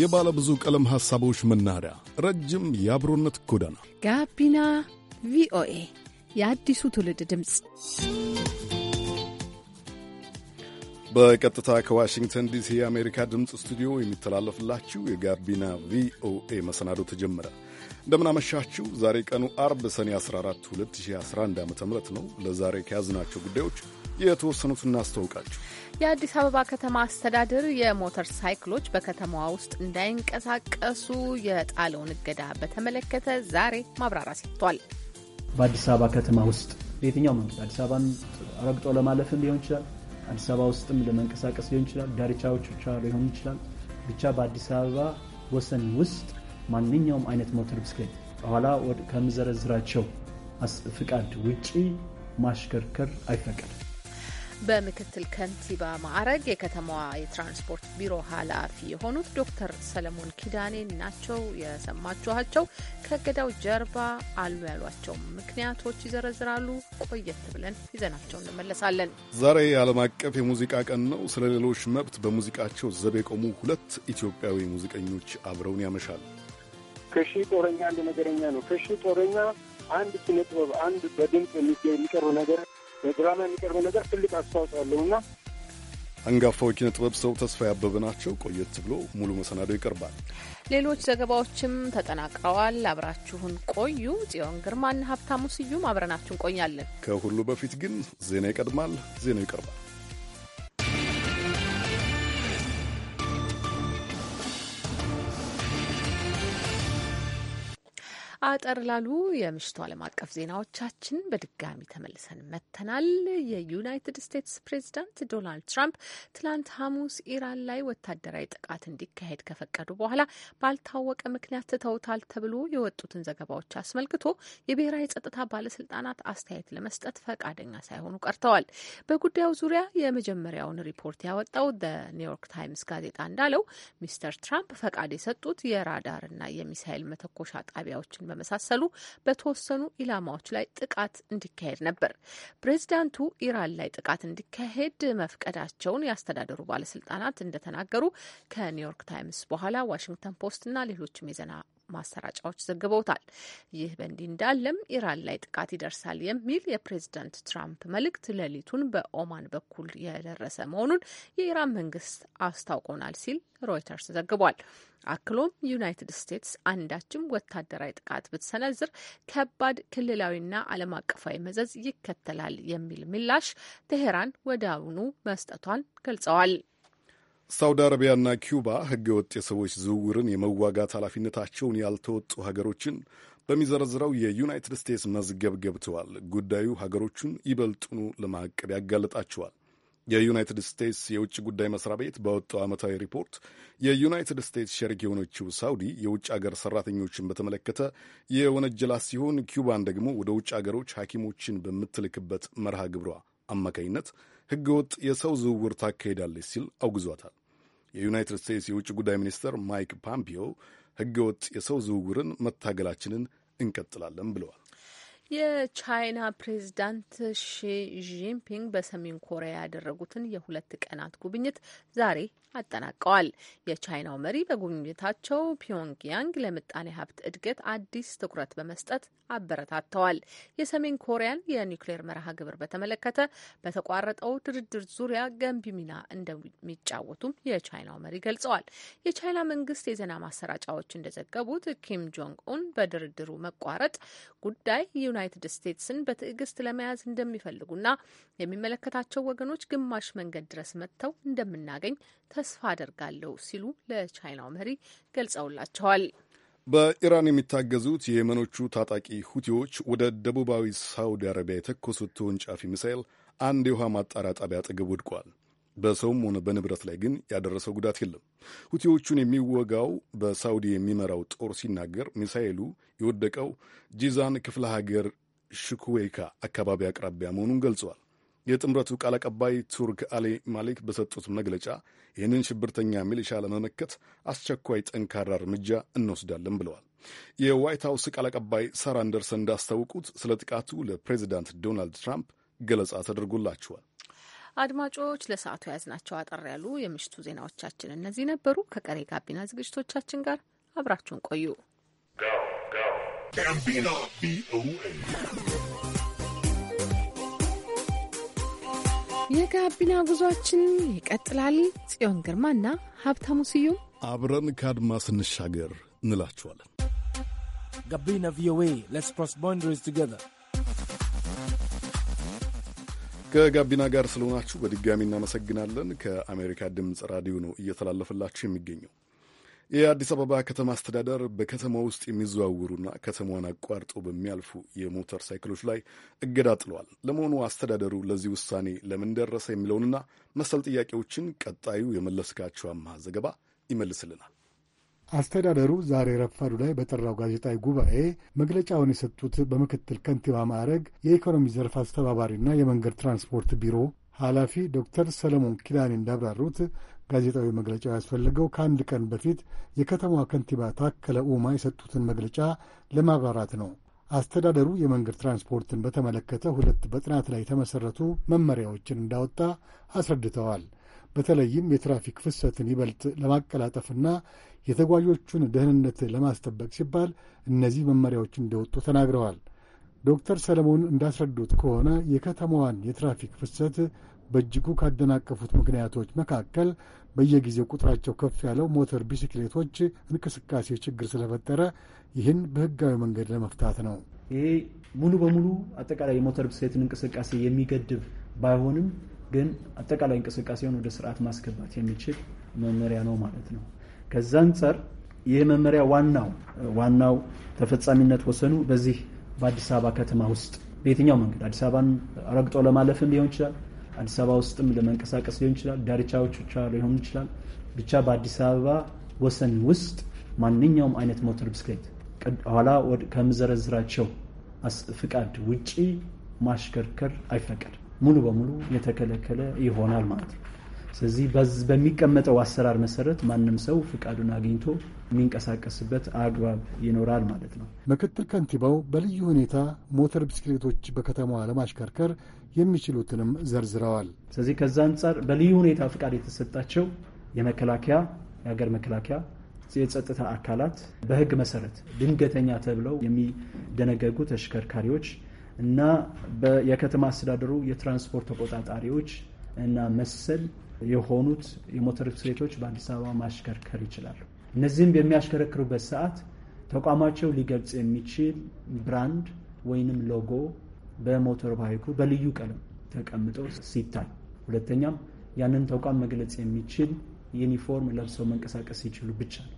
የባለ ብዙ ቀለም ሐሳቦች መናኸሪያ፣ ረጅም የአብሮነት ጎዳና፣ ጋቢና ቪኦኤ የአዲሱ ትውልድ ድምፅ በቀጥታ ከዋሽንግተን ዲሲ የአሜሪካ ድምፅ ስቱዲዮ የሚተላለፍላችሁ የጋቢና ቪኦኤ መሰናዶ ተጀመረ። እንደምናመሻችሁ። ዛሬ ቀኑ አርብ ሰኔ 14 2011 ዓ ም ነው። ለዛሬ ከያዝናቸው ጉዳዮች የተወሰኑት እናስተዋውቃችሁ። የአዲስ አበባ ከተማ አስተዳደር የሞተር ሳይክሎች በከተማዋ ውስጥ እንዳይንቀሳቀሱ የጣለውን እገዳ በተመለከተ ዛሬ ማብራሪያ ሰጥቷል። በአዲስ አበባ ከተማ ውስጥ በየትኛው መንገድ አዲስ አበባን ረግጦ ለማለፍም ሊሆን ይችላል፣ አዲስ አበባ ውስጥም ለመንቀሳቀስ ሊሆን ይችላል፣ ዳርቻዎች ብቻ ሊሆን ይችላል። ብቻ በአዲስ አበባ ወሰን ውስጥ ማንኛውም አይነት ሞተር ብስክሌት በኋላ ከምዘረዝራቸው ፍቃድ ውጪ ማሽከርከር አይፈቀድም። በምክትል ከንቲባ ማዕረግ የከተማዋ የትራንስፖርት ቢሮ ኃላፊ የሆኑት ዶክተር ሰለሞን ኪዳኔ ናቸው የሰማችኋቸው። ከእገዳው ጀርባ አሉ ያሏቸው ምክንያቶች ይዘረዝራሉ። ቆየት ብለን ይዘናቸው እንመለሳለን። ዛሬ የዓለም አቀፍ የሙዚቃ ቀን ነው። ስለ ሌሎች መብት በሙዚቃቸው ዘብ የቆሙ ሁለት ኢትዮጵያዊ ሙዚቀኞች አብረውን ያመሻል። ከሺ ጦረኛ አንድ ነገረኛ ነው። ከሺ ጦረኛ አንድ ኪነ ጥበብ አንድ በድምፅ የሚቀሩ ነገር በድራማ የሚቀርበው ነገር ትልቅ አስተዋጽኦ አለውና አንጋፋው ኪነ ጥበብ ሰው ተስፋ ያበበ ናቸው። ቆየት ብሎ ሙሉ መሰናዶ ይቀርባል። ሌሎች ዘገባዎችም ተጠናቅረዋል። አብራችሁን ቆዩ። ጽዮን ግርማና ሀብታሙ ስዩም አብረናችሁ እንቆያለን። ከሁሉ በፊት ግን ዜና ይቀድማል። ዜናው ይቀርባል። አጠር ላሉ የምሽቱ ዓለም አቀፍ ዜናዎቻችን በድጋሚ ተመልሰን መጥተናል። የዩናይትድ ስቴትስ ፕሬዚዳንት ዶናልድ ትራምፕ ትላንት ሐሙስ ኢራን ላይ ወታደራዊ ጥቃት እንዲካሄድ ከፈቀዱ በኋላ ባልታወቀ ምክንያት ትተውታል ተብሎ የወጡትን ዘገባዎች አስመልክቶ የብሔራዊ ጸጥታ ባለስልጣናት አስተያየት ለመስጠት ፈቃደኛ ሳይሆኑ ቀርተዋል። በጉዳዩ ዙሪያ የመጀመሪያውን ሪፖርት ያወጣው ኒውዮርክ ታይምስ ጋዜጣ እንዳለው ሚስተር ትራምፕ ፈቃድ የሰጡት የራዳርና የሚሳይል መተኮሻ ጣቢያዎችን በመሳሰሉ በተወሰኑ ኢላማዎች ላይ ጥቃት እንዲካሄድ ነበር። ፕሬዚዳንቱ ኢራን ላይ ጥቃት እንዲካሄድ መፍቀዳቸውን ያስተዳደሩ ባለስልጣናት እንደተናገሩ ከኒውዮርክ ታይምስ በኋላ ዋሽንግተን ፖስትና ሌሎችም የዜና ማሰራጫዎች ዘግበውታል። ይህ በእንዲህ እንዳለም ኢራን ላይ ጥቃት ይደርሳል የሚል የፕሬዚዳንት ትራምፕ መልእክት ሌሊቱን በኦማን በኩል የደረሰ መሆኑን የኢራን መንግስት አስታውቆናል ሲል ሮይተርስ ዘግቧል። አክሎም ዩናይትድ ስቴትስ አንዳችም ወታደራዊ ጥቃት ብትሰነዝር ከባድ ክልላዊና ዓለም አቀፋዊ መዘዝ ይከተላል የሚል ምላሽ ቴሄራን ወዲያውኑ መስጠቷን ገልጸዋል። ሳውዲ አረቢያና ኪውባ ህገወጥ የሰዎች ዝውውርን የመዋጋት ኃላፊነታቸውን ያልተወጡ ሀገሮችን በሚዘረዝረው የዩናይትድ ስቴትስ መዝገብ ገብተዋል። ጉዳዩ ሀገሮቹን ይበልጡኑ ለማዕቀብ ያጋለጣቸዋል። የዩናይትድ ስቴትስ የውጭ ጉዳይ መስሪያ ቤት ባወጣው ዓመታዊ ሪፖርት የዩናይትድ ስቴትስ ሸሪክ የሆነችው ሳውዲ የውጭ አገር ሰራተኞችን በተመለከተ የወነጀላ ሲሆን ኪውባን ደግሞ ወደ ውጭ አገሮች ሐኪሞችን በምትልክበት መርሃ ግብሯ አማካኝነት ህገወጥ የሰው ዝውውር ታካሂዳለች ሲል አውግዟታል። የዩናይትድ ስቴትስ የውጭ ጉዳይ ሚኒስትር ማይክ ፓምፒዮ ህገወጥ የሰው ዝውውርን መታገላችንን እንቀጥላለን ብለዋል። የቻይና ፕሬዚዳንት ሺ ጂንፒንግ በሰሜን ኮሪያ ያደረጉትን የሁለት ቀናት ጉብኝት ዛሬ አጠናቀዋል። የቻይናው መሪ በጉብኝታቸው ፒዮንግያንግ ለምጣኔ ሀብት እድገት አዲስ ትኩረት በመስጠት አበረታተዋል። የሰሜን ኮሪያን የኒውክሌር መርሃ ግብር በተመለከተ በተቋረጠው ድርድር ዙሪያ ገንቢ ሚና እንደሚጫወቱም የቻይናው መሪ ገልጸዋል። የቻይና መንግስት የዜና ማሰራጫዎች እንደዘገቡት ኪም ጆንግ ኡን በድርድሩ መቋረጥ ጉዳይ ዩናይትድ ስቴትስን በትዕግስት ለመያዝ እንደሚፈልጉና የሚመለከታቸው ወገኖች ግማሽ መንገድ ድረስ መጥተው እንደምናገኝ ተስፋ አደርጋለሁ ሲሉ ለቻይናው መሪ ገልጸውላቸዋል። በኢራን የሚታገዙት የየመኖቹ ታጣቂ ሁቲዎች ወደ ደቡባዊ ሳውዲ አረቢያ የተኮሱት ተወንጫፊ ሚሳኤል አንድ የውሃ ማጣሪያ ጣቢያ አጠገብ ወድቋል። በሰውም ሆነ በንብረት ላይ ግን ያደረሰው ጉዳት የለም። ሁቲዎቹን የሚወጋው በሳውዲ የሚመራው ጦር ሲናገር ሚሳኤሉ የወደቀው ጂዛን ክፍለ ሀገር ሽኩዌካ አካባቢ አቅራቢያ መሆኑን ገልጸዋል። የጥምረቱ ቃል አቀባይ ቱርክ አሊ ማሊክ በሰጡት መግለጫ ይህንን ሽብርተኛ ሚሊሻ ለመመከት አስቸኳይ ጠንካራ እርምጃ እንወስዳለን ብለዋል። የዋይት ሀውስ ቃል አቀባይ ሳራ አንደርሰን እንዳስታውቁት ስለ ጥቃቱ ለፕሬዚዳንት ዶናልድ ትራምፕ ገለጻ ተደርጎላቸዋል። አድማጮች ለሰዓቱ የያዝናቸው አጠር ያሉ የምሽቱ ዜናዎቻችን እነዚህ ነበሩ። ከቀሬ ጋቢና ዝግጅቶቻችን ጋር አብራችሁን ቆዩ። የጋቢና ጉዟችን ይቀጥላል። ጽዮን ግርማና ሀብታሙ ስዩም አብረን ከአድማ ስንሻገር እንላችኋለን። ጋቢና ቪኦኤ ሌትስ ክሮስ ባውንደሪስ ቱጌዘር ከጋቢና ጋር ስለሆናችሁ በድጋሚ እናመሰግናለን። ከአሜሪካ ድምፅ ራዲዮ ነው እየተላለፈላችሁ የሚገኘው። የአዲስ አበባ ከተማ አስተዳደር በከተማ ውስጥ የሚዘዋውሩና ከተማዋን አቋርጠው በሚያልፉ የሞተር ሳይክሎች ላይ እገዳ ጥለዋል። ለመሆኑ አስተዳደሩ ለዚህ ውሳኔ ለምን ደረሰ የሚለውንና መሰል ጥያቄዎችን ቀጣዩ የመለስካቸው አማሃ ዘገባ ይመልስልናል። አስተዳደሩ ዛሬ ረፋዱ ላይ በጠራው ጋዜጣዊ ጉባኤ መግለጫውን የሰጡት በምክትል ከንቲባ ማዕረግ የኢኮኖሚ ዘርፍ አስተባባሪና የመንገድ ትራንስፖርት ቢሮ ኃላፊ ዶክተር ሰለሞን ኪዳኔ እንዳብራሩት ጋዜጣዊ መግለጫው ያስፈለገው ከአንድ ቀን በፊት የከተማዋ ከንቲባ ታከለ ኡማ የሰጡትን መግለጫ ለማብራራት ነው። አስተዳደሩ የመንገድ ትራንስፖርትን በተመለከተ ሁለት በጥናት ላይ የተመሠረቱ መመሪያዎችን እንዳወጣ አስረድተዋል። በተለይም የትራፊክ ፍሰትን ይበልጥ ለማቀላጠፍና የተጓዦቹን ደህንነት ለማስጠበቅ ሲባል እነዚህ መመሪያዎች እንደወጡ ተናግረዋል። ዶክተር ሰለሞን እንዳስረዱት ከሆነ የከተማዋን የትራፊክ ፍሰት በእጅጉ ካደናቀፉት ምክንያቶች መካከል በየጊዜው ቁጥራቸው ከፍ ያለው ሞተር ቢስክሌቶች እንቅስቃሴ ችግር ስለፈጠረ ይህን በህጋዊ መንገድ ለመፍታት ነው። ይሄ ሙሉ በሙሉ አጠቃላይ የሞተር ብስክሌትን እንቅስቃሴ የሚገድብ ባይሆንም ግን አጠቃላይ እንቅስቃሴውን ወደ ስርዓት ማስገባት የሚችል መመሪያ ነው ማለት ነው። ከዛ አንጻር ይህ መመሪያ ዋናው ዋናው ተፈጻሚነት ወሰኑ በዚህ በአዲስ አበባ ከተማ ውስጥ በየትኛው መንገድ አዲስ አበባን ረግጦ ለማለፍም ሊሆን ይችላል፣ አዲስ አበባ ውስጥም ለመንቀሳቀስ ሊሆን ይችላል፣ ዳርቻዎች ብቻ ሊሆን ይችላል። ብቻ በአዲስ አበባ ወሰን ውስጥ ማንኛውም አይነት ሞተር ብስክሌት ኋላ ከምዘረዝራቸው ፍቃድ ውጪ ማሽከርከር አይፈቀድም። ሙሉ በሙሉ የተከለከለ ይሆናል ማለት ነው። ስለዚህ በሚቀመጠው አሰራር መሰረት ማንም ሰው ፍቃዱን አግኝቶ የሚንቀሳቀስበት አግባብ ይኖራል ማለት ነው። ምክትል ከንቲባው በልዩ ሁኔታ ሞተር ብስክሌቶች በከተማዋ ለማሽከርከር የሚችሉትንም ዘርዝረዋል። ስለዚህ ከዛ አንጻር በልዩ ሁኔታ ፍቃድ የተሰጣቸው የመከላከያ የሀገር መከላከያ የጸጥታ አካላት በህግ መሰረት ድንገተኛ ተብለው የሚደነገጉ ተሽከርካሪዎች እና የከተማ አስተዳደሩ የትራንስፖርት ተቆጣጣሪዎች እና መሰል የሆኑት የሞተር ብስክሌቶች በአዲስ አበባ ማሽከርከር ይችላሉ። እነዚህም በሚያሽከረክሩበት ሰዓት ተቋማቸው ሊገልጽ የሚችል ብራንድ ወይንም ሎጎ በሞተር ባይኩ በልዩ ቀለም ተቀምጦ ሲታይ፣ ሁለተኛም ያንን ተቋም መግለጽ የሚችል ዩኒፎርም ለብሰው መንቀሳቀስ ሲችሉ ብቻ ነው።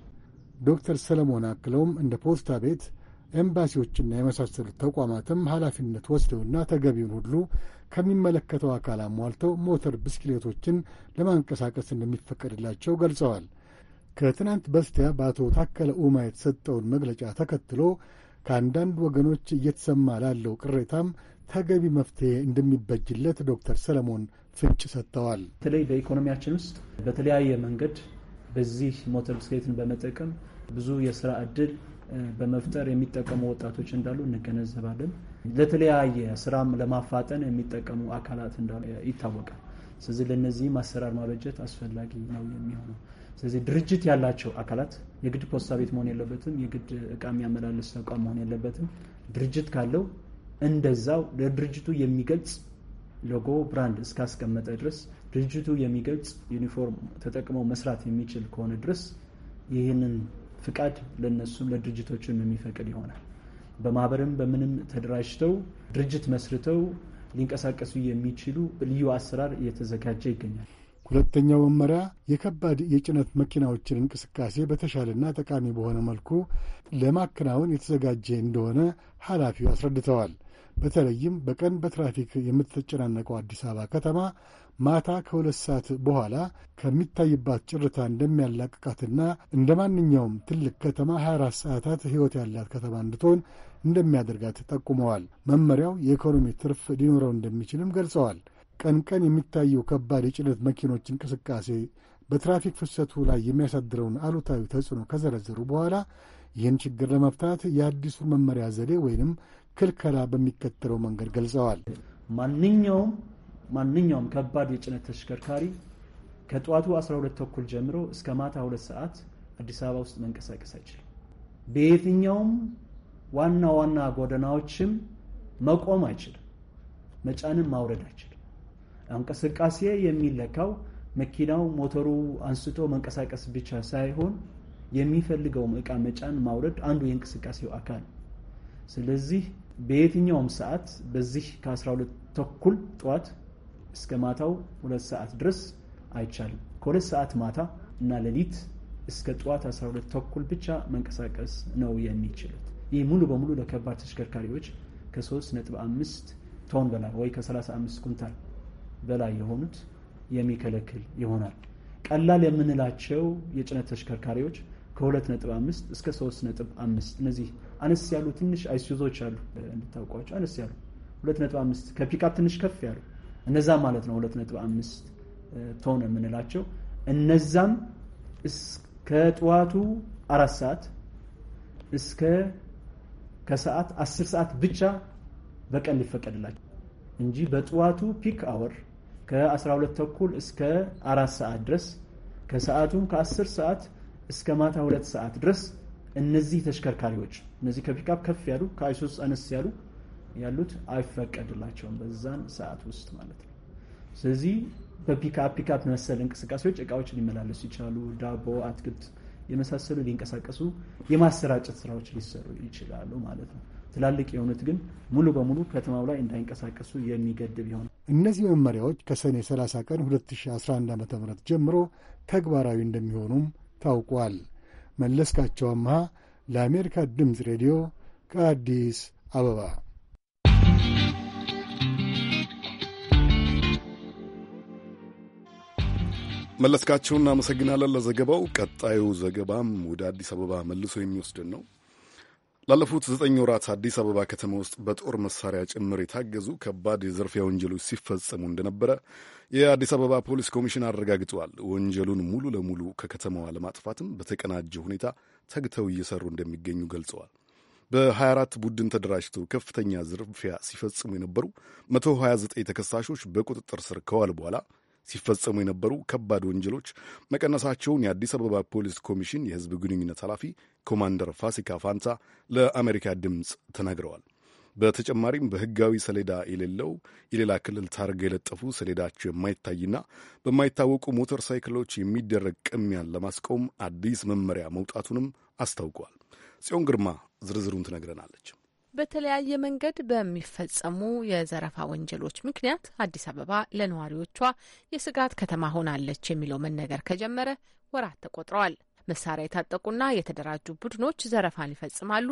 ዶክተር ሰለሞን አክለውም እንደ ፖስታ ቤት ኤምባሲዎችና የመሳሰሉት ተቋማትም ኃላፊነት ወስደውና ተገቢውን ሁሉ ከሚመለከተው አካል አሟልተው ሞተር ብስክሌቶችን ለማንቀሳቀስ እንደሚፈቀድላቸው ገልጸዋል። ከትናንት በስቲያ በአቶ ታከለ ኡማ የተሰጠውን መግለጫ ተከትሎ ከአንዳንድ ወገኖች እየተሰማ ላለው ቅሬታም ተገቢ መፍትሄ እንደሚበጅለት ዶክተር ሰለሞን ፍንጭ ሰጥተዋል። በተለይ በኢኮኖሚያችን ውስጥ በተለያየ መንገድ በዚህ ሞተር ብስክሌትን በመጠቀም ብዙ የስራ ዕድል በመፍጠር የሚጠቀሙ ወጣቶች እንዳሉ እንገነዘባለን። ለተለያየ ስራም ለማፋጠን የሚጠቀሙ አካላት እንዳሉ ይታወቃል። ስለዚህ ለእነዚህም አሰራር ማበጀት አስፈላጊ ነው የሚሆነው። ስለዚህ ድርጅት ያላቸው አካላት የግድ ፖስታ ቤት መሆን የለበትም፣ የግድ እቃ የሚያመላልስ ተቋም መሆን የለበትም። ድርጅት ካለው እንደዛው ለድርጅቱ የሚገልጽ ሎጎ ብራንድ እስካስቀመጠ ድረስ ድርጅቱ የሚገልጽ ዩኒፎርም ተጠቅመው መስራት የሚችል ከሆነ ድረስ ይህንን ፍቃድ ለነሱም ለድርጅቶችም የሚፈቅድ ይሆናል። በማህበርም በምንም ተደራጅተው ድርጅት መስርተው ሊንቀሳቀሱ የሚችሉ ልዩ አሰራር እየተዘጋጀ ይገኛል። ሁለተኛው መመሪያ የከባድ የጭነት መኪናዎችን እንቅስቃሴ በተሻለና ጠቃሚ በሆነ መልኩ ለማከናወን የተዘጋጀ እንደሆነ ኃላፊው አስረድተዋል። በተለይም በቀን በትራፊክ የምትጨናነቀው አዲስ አበባ ከተማ ማታ ከሁለት ሰዓት በኋላ ከሚታይባት ጭርታ እንደሚያላቅቃትና እንደ ማንኛውም ትልቅ ከተማ 24 ሰዓታት ሕይወት ያላት ከተማ እንድትሆን እንደሚያደርጋት ጠቁመዋል። መመሪያው የኢኮኖሚ ትርፍ ሊኖረው እንደሚችልም ገልጸዋል። ቀን ቀን የሚታየው ከባድ የጭነት መኪኖች እንቅስቃሴ በትራፊክ ፍሰቱ ላይ የሚያሳድረውን አሉታዊ ተጽዕኖ ከዘረዘሩ በኋላ ይህን ችግር ለመፍታት የአዲሱን መመሪያ ዘዴ ወይንም ክልከላ በሚከተለው መንገድ ገልጸዋል። ማንኛውም ማንኛውም ከባድ የጭነት ተሽከርካሪ ከጠዋቱ 12 ተኩል ጀምሮ እስከ ማታ 2 ሰዓት አዲስ አበባ ውስጥ መንቀሳቀስ አይችልም። በየትኛውም ዋና ዋና ጎዳናዎችም መቆም አይችልም። መጫንም ማውረድ አይችልም። እንቅስቃሴ የሚለካው መኪናው ሞተሩ አንስቶ መንቀሳቀስ ብቻ ሳይሆን የሚፈልገውም እቃ መጫን ማውረድ አንዱ የእንቅስቃሴው አካል ነው። ስለዚህ በየትኛውም ሰዓት በዚህ ከ12 ተኩል ጠዋት እስከ ማታው ሁለት ሰዓት ድረስ አይቻልም። ከሁለት ሰዓት ማታ እና ሌሊት እስከ ጠዋት 12 ተኩል ብቻ መንቀሳቀስ ነው የሚችሉት። ይህ ሙሉ በሙሉ ለከባድ ተሽከርካሪዎች ከ3.5 ቶን በላይ ወይ ከ35 ኩንታል በላይ የሆኑት የሚከለክል ይሆናል። ቀላል የምንላቸው የጭነት ተሽከርካሪዎች ከ2.5 እስከ 3.5 እነዚህ አነስ ያሉ ትንሽ አይሱዞች አሉ፣ እንድታውቋቸው አነስ ያሉ 2.5 ከፒካፕ ትንሽ ከፍ ያሉ እነዛ ማለት ነው 2.5 ቶን የምንላቸው እነዛም እስከ ጠዋቱ አራት ሰዓት እስከ ከሰዓት አስር ሰዓት ብቻ በቀን ሊፈቀድላቸው እንጂ በጠዋቱ ፒክ አወር ከ12 ተኩል እስከ አራት ሰዓት ድረስ ከሰዓቱም ከ10 ሰዓት እስከ ማታ ሁለት ሰዓት ድረስ እነዚህ ተሽከርካሪዎች እነዚህ ከፒክአፕ ከፍ ያሉ ከአይሶስ አነስ ያሉ ያሉት አይፈቀድላቸውም በዛን ሰዓት ውስጥ ማለት ነው። ስለዚህ በፒካፕ ፒካፕ መሰል እንቅስቃሴዎች እቃዎች ሊመላለሱ ይችላሉ። ዳቦ፣ አትክልት የመሳሰሉ ሊንቀሳቀሱ የማሰራጨት ስራዎች ሊሰሩ ይችላሉ ማለት ነው። ትላልቅ የሆኑት ግን ሙሉ በሙሉ ከተማው ላይ እንዳይንቀሳቀሱ የሚገድብ ይሆናል። እነዚህ መመሪያዎች ከሰኔ 30 ቀን 2011 ዓ ም ጀምሮ ተግባራዊ እንደሚሆኑም ታውቋል። መለስካቸው አምሃ ለአሜሪካ ድምፅ ሬዲዮ ከአዲስ አበባ መለስካቸው እናመሰግናለን ለዘገባው። ቀጣዩ ዘገባም ወደ አዲስ አበባ መልሶ የሚወስድን ነው። ላለፉት ዘጠኝ ወራት አዲስ አበባ ከተማ ውስጥ በጦር መሳሪያ ጭምር የታገዙ ከባድ የዝርፊያ ወንጀሎች ሲፈጸሙ እንደነበረ የአዲስ አበባ ፖሊስ ኮሚሽን አረጋግጠዋል። ወንጀሉን ሙሉ ለሙሉ ከከተማዋ ለማጥፋትም በተቀናጀ ሁኔታ ተግተው እየሰሩ እንደሚገኙ ገልጸዋል። በ24 ቡድን ተደራጅተው ከፍተኛ ዝርፊያ ሲፈጽሙ የነበሩ 129 ተከሳሾች በቁጥጥር ስር ከዋል በኋላ ሲፈጸሙ የነበሩ ከባድ ወንጀሎች መቀነሳቸውን የአዲስ አበባ ፖሊስ ኮሚሽን የህዝብ ግንኙነት ኃላፊ ኮማንደር ፋሲካ ፋንታ ለአሜሪካ ድምፅ ተናግረዋል። በተጨማሪም በህጋዊ ሰሌዳ የሌለው የሌላ ክልል ታርጋ የለጠፉ ሰሌዳቸው የማይታይና በማይታወቁ ሞተር ሳይክሎች የሚደረግ ቅሚያን ለማስቆም አዲስ መመሪያ መውጣቱንም አስታውቋል። ጽዮን ግርማ ዝርዝሩን ትነግረናለች። በተለያየ መንገድ በሚፈጸሙ የዘረፋ ወንጀሎች ምክንያት አዲስ አበባ ለነዋሪዎቿ የስጋት ከተማ ሆናለች የሚለው መነገር ከጀመረ ወራት ተቆጥረዋል። መሳሪያ የታጠቁና የተደራጁ ቡድኖች ዘረፋን ይፈጽማሉ፣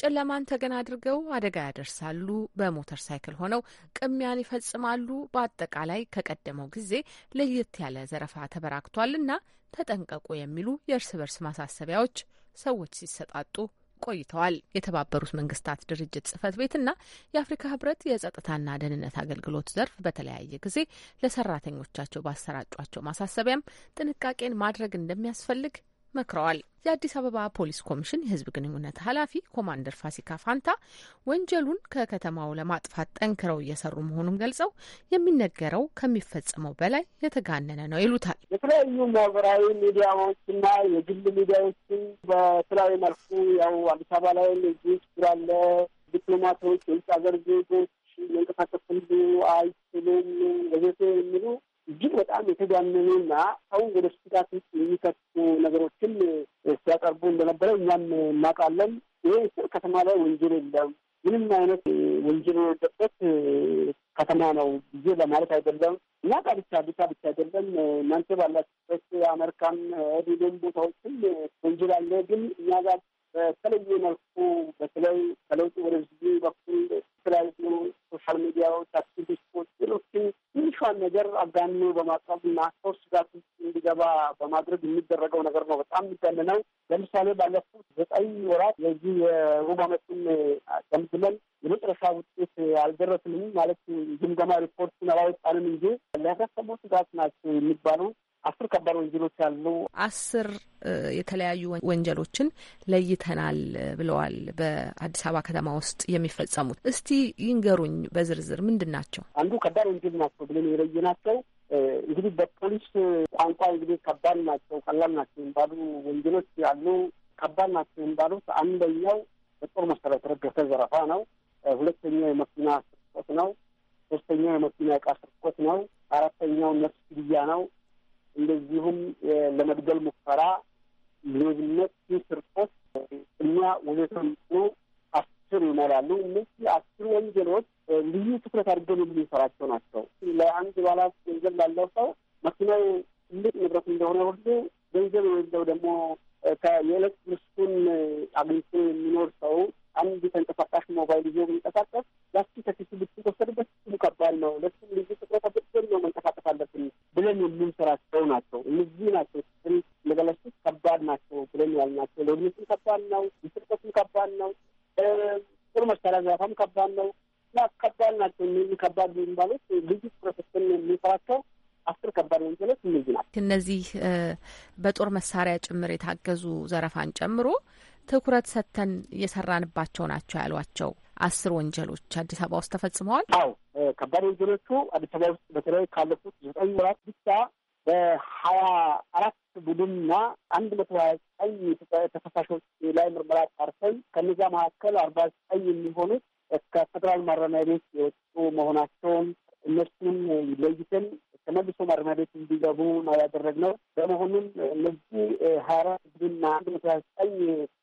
ጨለማን ተገን አድርገው አደጋ ያደርሳሉ፣ በሞተር ሳይክል ሆነው ቅሚያን ይፈጽማሉ። በአጠቃላይ ከቀደመው ጊዜ ለየት ያለ ዘረፋ ተበራክቷልና ተጠንቀቁ የሚሉ የእርስ በርስ ማሳሰቢያዎች ሰዎች ሲሰጣጡ ቆይተዋል። የተባበሩት መንግስታት ድርጅት ጽህፈት ቤትና የአፍሪካ ህብረት የጸጥታና ደህንነት አገልግሎት ዘርፍ በተለያየ ጊዜ ለሰራተኞቻቸው ባሰራጯቸው ማሳሰቢያም ጥንቃቄን ማድረግ እንደሚያስፈልግ መክረዋል። የአዲስ አበባ ፖሊስ ኮሚሽን የህዝብ ግንኙነት ኃላፊ ኮማንደር ፋሲካ ፋንታ ወንጀሉን ከከተማው ለማጥፋት ጠንክረው እየሰሩ መሆኑን ገልጸው የሚነገረው ከሚፈጸመው በላይ የተጋነነ ነው ይሉታል። የተለያዩ ማህበራዊ ሚዲያዎችና የግል ሚዲያዎችን በስራዊ መልኩ ያው አዲስ አበባ ላይ ችግር ዲፕሎማቶች፣ የውጭ ሀገር ዜጎች መንቀሳቀስ ሁሉ አይችሉም ወዘተ የሚሉ እጅግ በጣም የተጋነኑና ሰውን ወደ ስጋት ውስጥ የሚከቱ ነገሮችን ሲያቀርቡ እንደነበረ እኛም እናውቃለን። ይሄ ስር ከተማ ላይ ወንጀል የለም ምንም አይነት ወንጀል የወደበት ከተማ ነው ጊዜ ለማለት አይደለም እና ቃልቻ ብቻ ብቻ ብቻ አይደለም። እናንተ ባላችሁበት አሜሪካን ሌሎች ቦታዎችም ወንጀል አለ፣ ግን እኛ ጋር በተለየ መልኩ በተለይ ከለውጡ ህዝቡ በኩል የተለያዩ ሶሻል ሚዲያዎች፣ አክቲቪስቶች፣ ሌሎችን ትንሿን ነገር አጋኖ በማቅረብ እና ሰው ስጋት እንዲገባ በማድረግ የሚደረገው ነገር ነው። በጣም የሚገንነው ለምሳሌ ባለፉት ዘጠኝ ወራት የዚህ የሩብ ዓመቱን ገምግመን የመጨረሻ ውጤት አልደረስንም ማለት ግምገማ ሪፖርቱን አላወጣንም እንጂ ለህብረተሰቡ ስጋት ናቸው የሚባሉ አስር ከባድ ወንጀሎች አሉ። አስር የተለያዩ ወንጀሎችን ለይተናል ብለዋል። በአዲስ አበባ ከተማ ውስጥ የሚፈጸሙት እስቲ ይንገሩኝ በዝርዝር ምንድን ናቸው? አንዱ ከባድ ወንጀል ናቸው ብለን ናቸው እንግዲህ በፖሊስ ቋንቋ እንግዲህ ከባድ ናቸው፣ ቀላል ናቸው የሚባሉ ወንጀሎች አሉ። ከባድ ናቸው የሚባሉት አንደኛው በጦር መሳሪያ የተረገፈ ዘረፋ ነው። ሁለተኛው የመኪና ስርቆት ነው። ሶስተኛው የመኪና እቃ ስርቆት ነው። አራተኛው ነፍስ ግድያ ነው። እንደዚሁም ለመግደል ሙከራ፣ ሌብነት፣ ስርቆት እኛ ወዘተ አስር ይሞላሉ። እነዚህ አስር ወንጀሎች ልዩ ትኩረት አድርገን የምንሰራቸው ናቸው። ለአንድ ባላ ገንዘብ ላለው ሰው መኪናው ትልቅ ንብረት እንደሆነ ሁሉ ገንዘብ የሌለው ደግሞ የዕለት ምስቱን አግኝቶ የሚኖር ሰው አንድ ተንቀሳቃሽ ሞባይል ይዞ የሚንቀሳቀስ ያቺ ከፊቱ ብትወሰድበት ከባድ ነው። ለሱም ልዩ ብለን የምንሰራቸው ናቸው። እነዚህ ናቸው ስትል ነገለሱት ከባድ ናቸው ብለን ያልናቸው። ለውድነትም ከባድ ነው፣ ምስርቀቱም ከባድ ነው፣ ጥሩ መሳሪያ ዘረፋም ከባድ ነው እና ከባድ ናቸው። እነዚህ ከባድ የሚባሉት ልዩ ፕሮሰስን የምንሰራቸው አስር ከባድ ወንጀሎች እነዚህ ናቸው። እነዚህ በጦር መሳሪያ ጭምር የታገዙ ዘረፋን ጨምሮ ትኩረት ሰጥተን እየሰራንባቸው ናቸው ያሏቸው አስር ወንጀሎች አዲስ አበባ ውስጥ ተፈጽመዋል። አዎ ከባድ ወንጀሎቹ አዲስ አበባ ውስጥ በተለይ ካለፉት ዘጠኝ ወራት ብቻ በሀያ አራት ቡድንና አንድ መቶ ሀያ ዘጠኝ ተከሳሾች ላይ ምርመራ ጣርተን ከነዚያ መካከል አርባ ዘጠኝ የሚሆኑት ከፌዴራል ማረሚያ ቤት የወጡ መሆናቸውን እነሱን ለይተን ተመልሶ ማረሚያ ቤት እንዲገቡ ነው ያደረግነው። በመሆኑም እነዚህ ሀያ አራት ቡድንና አንድ መቶ ሀያ ዘጠኝ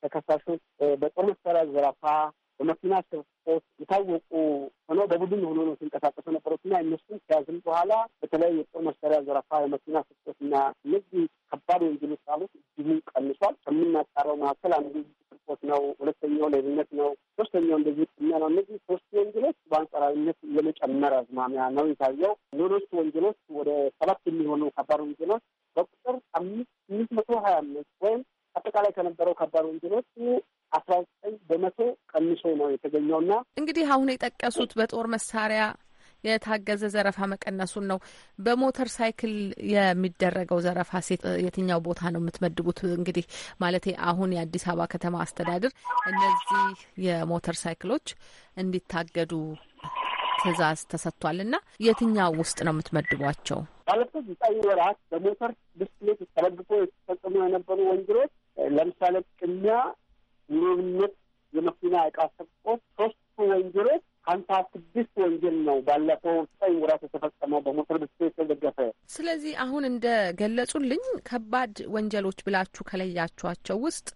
ተከሳሾች በጦር መሳሪያ ዘረፋ በመኪና ስፖርት የታወቁ ሆነው በቡድን ሆኖ ነው ሲንቀሳቀሱ ነበሩት ነበሩትና እነሱም ከያዝም በኋላ በተለያዩ የጦር መሳሪያ ዘረፋ፣ የመኪና ስርቆትና እነዚህ ከባድ ወንጀሎች ሳሉት እጅጉን ቀንሷል። ከምናጣረው መካከል አንዱ ስርቆት ነው፣ ሁለተኛው ሌብነት ነው፣ ሶስተኛው እንደዚህ ቅድሚያ ነው። እነዚህ ሶስቱ ወንጀሎች በአንጻራዊነት የመጨመር አዝማሚያ ነው የታየው። ሌሎች ወንጀሎች ወደ ሰባት የሚሆኑ ከባድ ወንጀሎች ዋነኛውና እንግዲህ አሁን የጠቀሱት በጦር መሳሪያ የታገዘ ዘረፋ መቀነሱን ነው። በሞተር ሳይክል የሚደረገው ዘረፋ ሴት የትኛው ቦታ ነው የምትመድቡት? እንግዲህ ማለት አሁን የአዲስ አበባ ከተማ አስተዳደር እነዚህ የሞተር ሳይክሎች እንዲታገዱ ትዕዛዝ ተሰጥቷል እና የትኛው ውስጥ ነው የምትመድቧቸው? ባለፉት ዘጠኝ ወራት በሞተር ብስክሌት ተረግፎ የተፈጸሙ የነበሩ ወንጀሎች ለምሳሌ ቅሚያ፣ ሌብነት የመኪና እቃ ስርቆት ሶስቱ ወንጀሎች ሀምሳ ስድስት ወንጀል ነው ባለፈው ዘጠኝ ወራት የተፈጸመው በሞተር ብስክሌት የተደገፈ። ስለዚህ አሁን እንደ ገለጹልኝ ከባድ ወንጀሎች ብላችሁ ከለያችኋቸው ውስጥ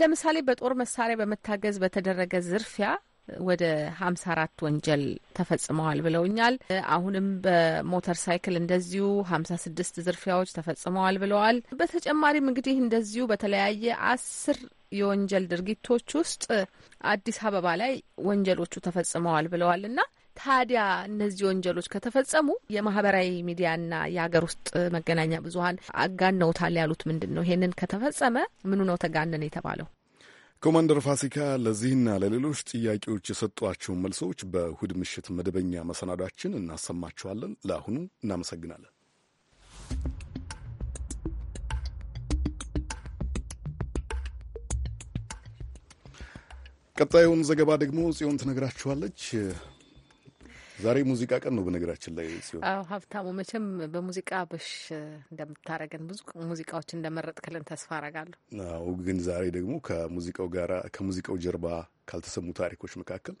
ለምሳሌ በጦር መሳሪያ በመታገዝ በተደረገ ዝርፊያ ወደ ሀምሳ አራት ወንጀል ተፈጽመዋል ብለውኛል። አሁንም በሞተር ሳይክል እንደዚሁ ሀምሳ ስድስት ዝርፊያዎች ተፈጽመዋል ብለዋል። በተጨማሪም እንግዲህ እንደዚሁ በተለያየ አስር የወንጀል ድርጊቶች ውስጥ አዲስ አበባ ላይ ወንጀሎቹ ተፈጽመዋል ብለዋል እና ታዲያ እነዚህ ወንጀሎች ከተፈጸሙ የማህበራዊ ሚዲያና የሀገር ውስጥ መገናኛ ብዙኃን አጋነውታል ያሉት ምንድን ነው? ይሄንን ከተፈጸመ ምኑ ነው ተጋነን የተባለው? ኮማንደር ፋሲካ ለዚህና ለሌሎች ጥያቄዎች የሰጧቸውን መልሶች በእሁድ ምሽት መደበኛ መሰናዷችን እናሰማችኋለን። ለአሁኑ እናመሰግናለን። ቀጣዩን ዘገባ ደግሞ ጽዮን ትነግራችኋለች። ዛሬ ሙዚቃ ቀን ነው በነገራችን ላይ ሲሆን፣ ሀብታሙ፣ መቼም በሙዚቃ በሽ እንደምታረገን ብዙ ሙዚቃዎች እንደመረጥክልን ተስፋ አረጋለሁ። ግን ዛሬ ደግሞ ከሙዚቃው ጋራ ከሙዚቃው ጀርባ ካልተሰሙ ታሪኮች መካከል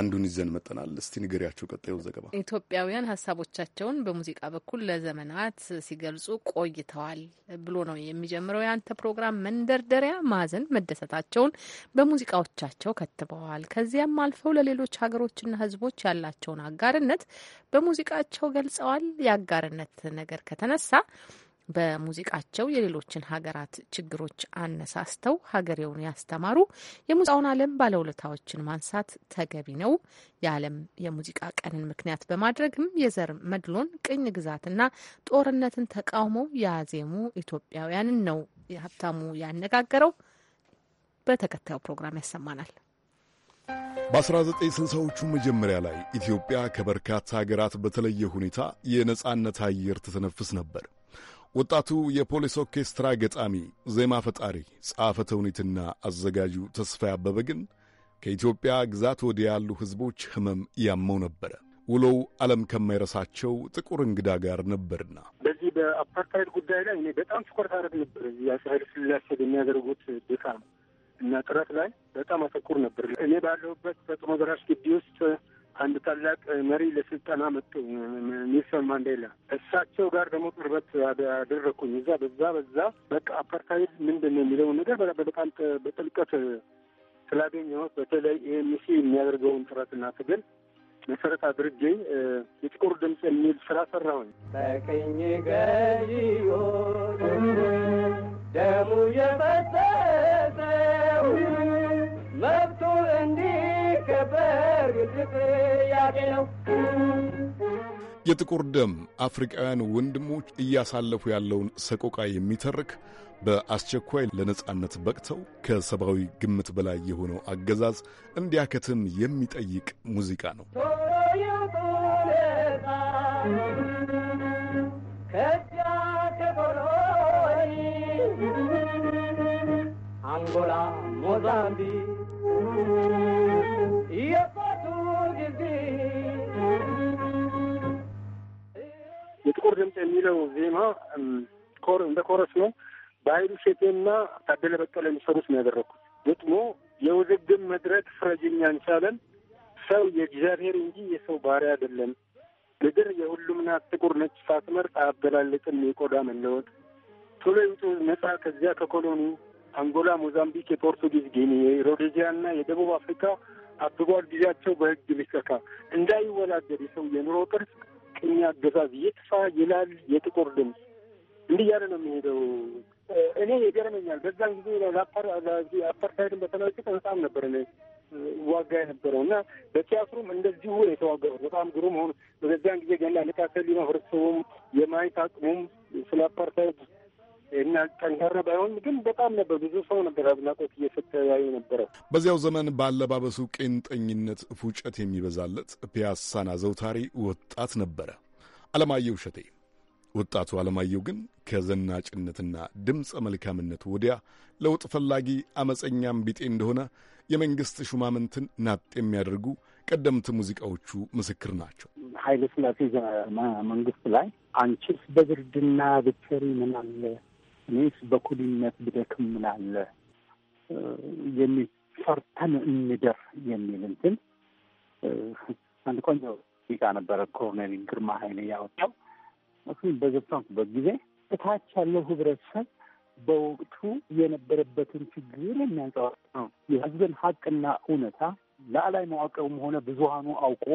አንዱን ይዘን መጠናል። እስቲ ንገሪያቸው ቀጣዩን ዘገባ። ኢትዮጵያውያን ሀሳቦቻቸውን በሙዚቃ በኩል ለዘመናት ሲገልጹ ቆይተዋል ብሎ ነው የሚጀምረው የአንተ ፕሮግራም መንደርደሪያ። ማዘን መደሰታቸውን በሙዚቃዎቻቸው ከትበዋል። ከዚያም አልፈው ለሌሎች ሀገሮችና ህዝቦች ያላቸውን አጋርነት በሙዚቃቸው ገልጸዋል። የአጋርነት ነገር ከተነሳ በሙዚቃቸው የሌሎችን ሀገራት ችግሮች አነሳስተው ሀገሬውን ያስተማሩ የሙዚቃውን ዓለም ባለውለታዎችን ማንሳት ተገቢ ነው። የዓለም የሙዚቃ ቀንን ምክንያት በማድረግም የዘር መድሎን፣ ቅኝ ግዛትና ጦርነትን ተቃውመው ያዜሙ ኢትዮጵያውያንን ነው ሀብታሙ ያነጋገረው። በተከታዩ ፕሮግራም ያሰማናል። በ1960ዎቹ መጀመሪያ ላይ ኢትዮጵያ ከበርካታ ሀገራት በተለየ ሁኔታ የነጻነት አየር ትተነፍስ ነበር። ወጣቱ የፖሊስ ኦርኬስትራ ገጣሚ፣ ዜማ ፈጣሪ፣ ጸሐፈ ተውኔትና አዘጋጁ ተስፋ ያበበ ግን ከኢትዮጵያ ግዛት ወዲያ ያሉ ሕዝቦች ሕመም ያመው ነበረ። ውሎው ዓለም ከማይረሳቸው ጥቁር እንግዳ ጋር ነበርና በዚህ በአፓርታይድ ጉዳይ ላይ እኔ በጣም ትኩረት አደረግ ነበር። የአፄ ኃይለ ሥላሴ የሚያደርጉት ድካም እና ጥረት ላይ በጣም አተኩር ነበር። እኔ ባለሁበት በተመዘራሽ ግቢ ውስጥ አንድ ታላቅ መሪ ለስልጠና መጡ፣ ኔልሰን ማንዴላ። እሳቸው ጋር ደግሞ ቅርበት አደረግኩኝ። እዛ በዛ በዛ በቃ አፓርታይድ ምንድን ነው የሚለውን ነገር በጣም በጥልቀት ስላገኘሁት በተለይ ኤምሲ የሚያደርገውን ጥረትና ትግል መሰረት አድርጌ የጥቁር ድምፅ የሚል ስራ ሰራሁኝ። በቅኝ ገዢው ደሙ የፈሰሰው መብቱ እንዲከ የጥቁር ደም አፍሪቃውያን ወንድሞች እያሳለፉ ያለውን ሰቆቃ የሚተርክ በአስቸኳይ ለነጻነት በቅተው ከሰብአዊ ግምት በላይ የሆነው አገዛዝ እንዲያከትም የሚጠይቅ ሙዚቃ ነው። አንጎላ፣ ሞዛምቢክ ጥቁር ድምፅ የሚለው ዜማ እንደ ኮረስ ነው በሀይሉ ሼቴና ታደለ በቀለ የሚሰሩት ነው ያደረግኩት። ግጥሞ የውዝግብ መድረክ ፍረጅኛ እንቻለን ሰው የእግዚአብሔር እንጂ የሰው ባሪያ አይደለም። ምድር የሁሉም ናት ጥቁር ነጭ ሳትመርጥ አያበላልጥም የቆዳ መለወጥ። ቶሎ ይውጡ ነጻ ከዚያ ከኮሎኒ አንጎላ፣ ሞዛምቢክ፣ የፖርቱጊዝ ጊኒ፣ የሮዴዚያና የደቡብ አፍሪካ አብጓል ጊዜያቸው በህግ ሊሰካ እንዳይወላደድ የሰው የኑሮ ቅርጽ የቅኝ አገዛዝ ይጥፋ ይላል የጥቁር ድምፅ። እንዲህ እያለ ነው የሚሄደው። እኔ የገረመኛል በዛን ጊዜ አፓርታይድን በተመለከተ በጣም ነበር እኔ ዋጋ የነበረው እና በቲያትሩም እንደዚሁ የተዋጋው በጣም ግሩም ሆኑ። በዚያን ጊዜ ገና ልቃሰ ሊማ ህብረተሰቡም የማየት አቅሙም ስለ አፓርታይድ እና ጠንካራ ባይሆን ግን በጣም ነበር ብዙ ሰው ነበር አድናቆት እየሰጠ ያዩ ነበረ። በዚያው ዘመን በአለባበሱ ቄንጠኝነት፣ ፉጨት የሚበዛለት ፒያሳን አዘውታሪ ወጣት ነበረ አለማየሁ እሸቴ። ወጣቱ አለማየሁ ግን ከዘናጭነትና ድምፀ መልካምነት ወዲያ ለውጥ ፈላጊ አመፀኛም ቢጤ እንደሆነ የመንግሥት ሹማምንትን ናጥ የሚያደርጉ ቀደምት ሙዚቃዎቹ ምስክር ናቸው። ኃይለ ሥላሴ መንግስት ላይ አንቺስ በብርድና ብትሪ ምን አለ እኔስ በኩልነት ብደክም ምናለ የሚል እንደር የሚል እንትን አንድ ቆንጆ ሙዚቃ ነበረ ኮርኔል ግርማ ኃይሌ ያወጣው። እሱን በዘፈንኩበት ጊዜ እታች ያለው ህብረተሰብ በወቅቱ የነበረበትን ችግር የሚያንጸባርቅ ነው። የህዝብን ሀቅና እውነታ ለአላይ መዋቅሩም ሆነ ብዙሀኑ አውቆ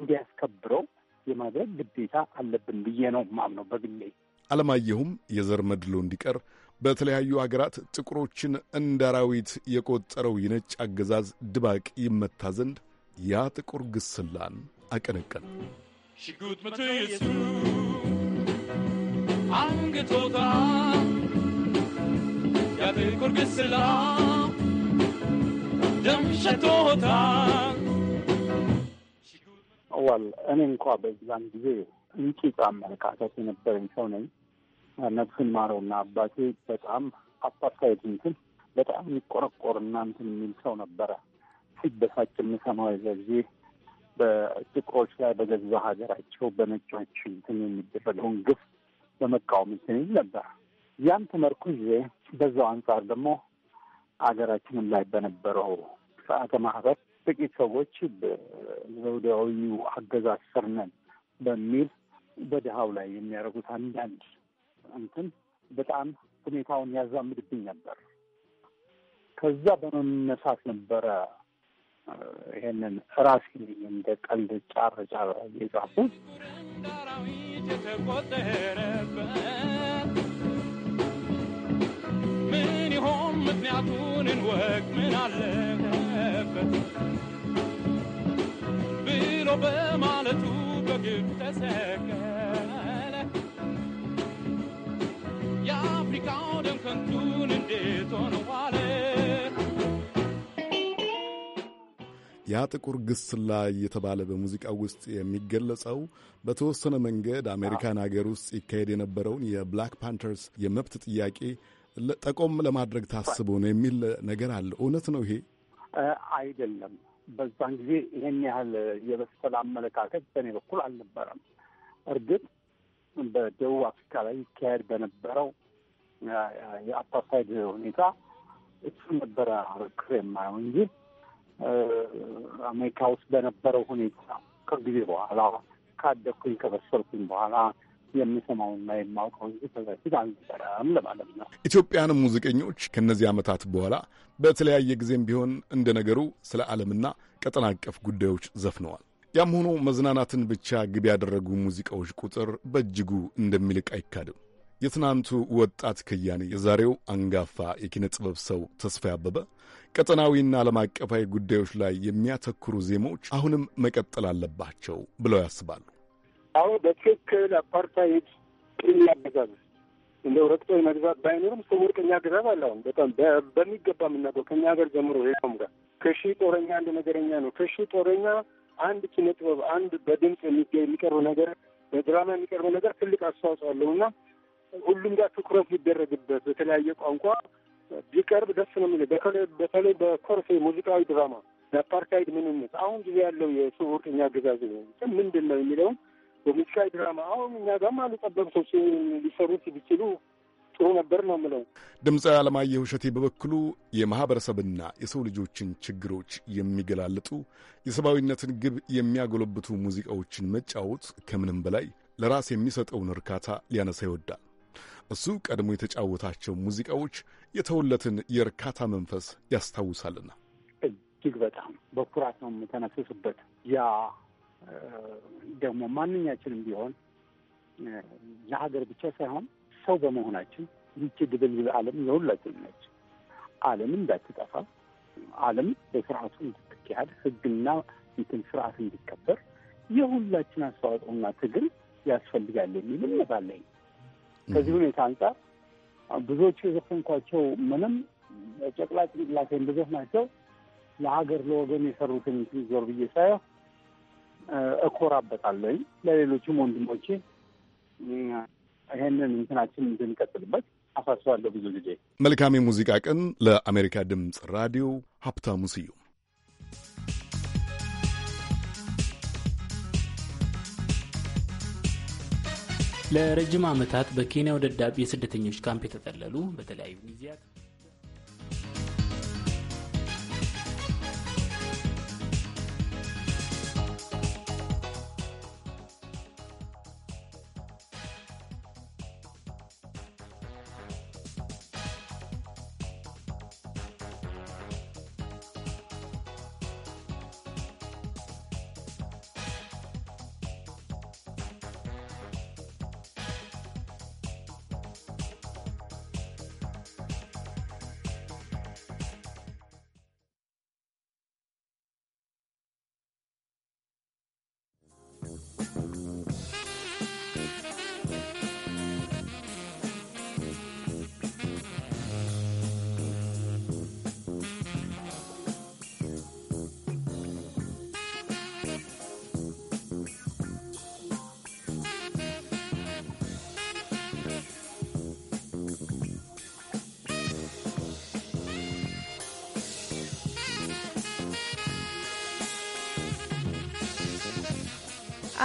እንዲያስከብረው የማድረግ ግዴታ አለብን ብዬ ነው ማምነው በግሌ። አለማየሁም የዘር መድሎ እንዲቀር በተለያዩ አገራት ጥቁሮችን እንደ አራዊት የቆጠረው የነጭ አገዛዝ ድባቅ ይመታ ዘንድ ያ ጥቁር ግስላን አቀነቀን ሽጉጥ ምትይሱ አንግቶታ ያ ጥቁር ግስላ ደምሸቶታ ሸቶታ እኔ እንኳ በዛን ጊዜ እንጭጫ አመለካከት የነበረኝ ሰው ነኝ። ነፍስን ማረውና አባቴ በጣም አፓርታይድ እንትን በጣም የሚቆረቆርና እና እንትን የሚል ሰው ነበረ። ሲበሳጭ የምሰማው የዚህ በጥቁሮች ላይ በገዛ ሀገራቸው በነጮች እንትን የሚደረገውን ግፍ በመቃወም እንትን ይል ነበር። ያን ተመርኩዤ በዛው አንጻር ደግሞ ሀገራችንም ላይ በነበረው ስርዓተ ማህበር ጥቂት ሰዎች በዘውዳዊው አገዛዝ ስር ነን በሚል በድሀው ላይ የሚያደርጉት አንዳንድ እንትን በጣም ሁኔታውን ያዛምድብኝ ነበር። ከዛ በመነሳት ነበረ ይሄንን ራሴ እንደ ቀልድ ጫር ጫር የጻፉት ምን ይሆን ምክንያቱን እንወቅ ምን አለበት ብሎ በማለቱ በግብ ተሰቀ እንዴት ያ ጥቁር ግስላ እየተባለ በሙዚቃ ውስጥ የሚገለጸው በተወሰነ መንገድ አሜሪካን ሀገር ውስጥ ይካሄድ የነበረውን የብላክ ፓንተርስ የመብት ጥያቄ ጠቆም ለማድረግ ታስቦ ነው የሚል ነገር አለ። እውነት ነው ይሄ አይደለም። በዛን ጊዜ ይሄን ያህል የበሰለ አመለካከት በእኔ በኩል አልነበረም። እርግጥ በደቡብ አፍሪካ ላይ ይካሄድ በነበረው የአፓርታይድ ሁኔታ እሱ ነበረ ክር የማየው እንጂ አሜሪካ ውስጥ በነበረው ሁኔታ ከጊዜ በኋላ ካደኩኝ ከበሰልኩኝ በኋላ የሚሰማውና የማውቀው እንጂ ከዛ አልነበረም ለማለት ነው። ኢትዮጵያን ሙዚቀኞች ከእነዚህ ዓመታት በኋላ በተለያየ ጊዜም ቢሆን እንደ ነገሩ ስለ ዓለምና ቀጠና አቀፍ ጉዳዮች ዘፍነዋል። ያም ሆኖ መዝናናትን ብቻ ግብ ያደረጉ ሙዚቃዎች ቁጥር በእጅጉ እንደሚልቅ አይካድም። የትናንቱ ወጣት ከያኔ የዛሬው አንጋፋ የኪነ ጥበብ ሰው ተስፋ ያበበ ቀጠናዊና ዓለም አቀፋዊ ጉዳዮች ላይ የሚያተኩሩ ዜማዎች አሁንም መቀጠል አለባቸው ብለው ያስባሉ። አሁ በትክክል አፓርታይድ ቅኝ አገዛዝ እንደ ረቅጦ መግዛት ባይኖርም ስውር ቅኝ አገዛዝ አለ። አሁን በጣም በሚገባ የምናውቀው ከኛ ሀገር ጀምሮ ሄም ጋር ከሺ ጦረኛ አንድ ነገረኛ ነው። ከሺ ጦረኛ አንድ ኪነ ጥበብ አንድ በድምፅ የሚቀርብ ነገር በድራማ የሚቀርብ ነገር ትልቅ አስተዋጽኦ አለው እና ሁሉም ጋር ትኩረት ሊደረግበት በተለያየ ቋንቋ ቢቀርብ ደስ ነው የሚለው። በተለይ በኮርሴ ሙዚቃዊ ድራማ የአፓርታይድ ምንነት አሁን ጊዜ ያለው የስውርኛ አገዛዝ ምንድን ነው የሚለውም በሙዚቃዊ ድራማ አሁን እኛ ጋርም አሉ ጠበብቶች ሊሰሩት ቢችሉ ጥሩ ነበር ነው የምለው። ድምፃዊ አለማየሁ እሸቴ በበኩሉ የማህበረሰብና የሰው ልጆችን ችግሮች የሚገላልጡ የሰብአዊነትን ግብ የሚያጎለብቱ ሙዚቃዎችን መጫወት ከምንም በላይ ለራስ የሚሰጠውን እርካታ ሊያነሳ ይወዳል። እሱ ቀድሞ የተጫወታቸው ሙዚቃዎች የተወለትን የእርካታ መንፈስ ያስታውሳልና እጅግ በጣም በኩራት ነው የምተነፍስበት። ያ ደግሞ ማንኛችንም ቢሆን ለሀገር ብቻ ሳይሆን ሰው በመሆናችን ይቺ ድብልብል ዓለም የሁላችን ነች። ዓለም እንዳትጠፋ፣ ዓለም በስርዓቱ እንድትካሄድ፣ ህግና እንትን ስርዓት እንዲከበር የሁላችን አስተዋጽኦና ትግል ያስፈልጋል የሚል እምነት አለኝ። ከዚህ ሁኔታ አንጻር ብዙዎቹ የዘፈንኳቸው ምንም ጨቅላ ጭንቅላት ብዘፍ ናቸው ለሀገር ለወገን የሰሩትን ዞር ብዬ ሳየ እኮራበታለኝ። ለሌሎችም ወንድሞቼ ይሄንን እንትናችን እንድንቀጥልበት አሳስባለሁ። ብዙ ጊዜ መልካም የሙዚቃ ቀን። ለአሜሪካ ድምፅ ራዲዮ ሀብታሙ ስዩም ለረጅም ዓመታት በኬንያው ደዳብ የስደተኞች ካምፕ የተጠለሉ በተለያዩ ጊዜያት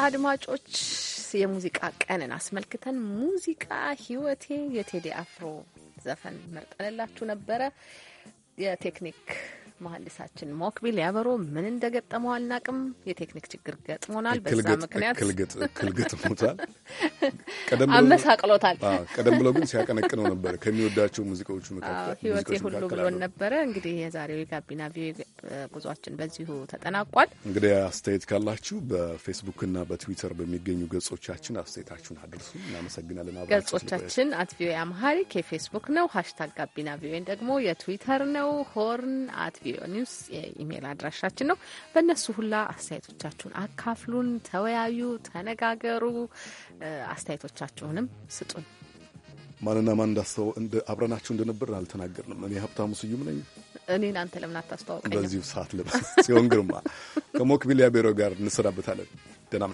አድማጮች የሙዚቃ ቀንን አስመልክተን ሙዚቃ ህይወቴ የቴዲ አፍሮ ዘፈን መርጠንላችሁ ነበረ። የቴክኒክ መሀንዲሳችን ሞክቢል ያበሮ ምን እንደገጠመው አናቅም። የቴክኒክ ችግር ገጥሞናል። በዛ ምክንያት እክል ገጥሞታል፣ አመሳቅሎታል። ቀደም ብሎ ግን ሲያቀነቅነው ነበረ ከሚወዳቸው ሙዚቃዎቹ መካከል ህይወቴ ሁሉ ብሎን ነበረ። እንግዲህ የዛሬው የጋቢና ቪ ጉዟችን በዚሁ ተጠናቋል። እንግዲህ አስተያየት ካላችሁ በፌስቡክና በትዊተር በሚገኙ ገጾቻችን አስተያየታችሁን አድርሱ። እናመሰግናለን። ገጾቻችን አት ቪኦኤ አምሃሪክ የፌስቡክ ነው። ሀሽታግ ጋቢና ቪኦኤን ደግሞ የትዊተር ነው። ሆርን አት ቪኦኤ ኒውስ የኢሜይል አድራሻችን ነው። በእነሱ ሁላ አስተያየቶቻችሁን አካፍሉን፣ ተወያዩ፣ ተነጋገሩ፣ አስተያየቶቻችሁንም ስጡን። ማንና ማን እንዳስተው አብረናችሁ እንደነበር አልተናገርንም። እኔ ሀብታሙ ስዩም ነኝ። እኔ አንተ ለምን አታስተዋውቀኝ? በዚሁ ሰዓት ልበስ ሲሆን ግርማ ከሞክቢሊያ ያቤሮ ጋር እንሰናበታለን። ደህና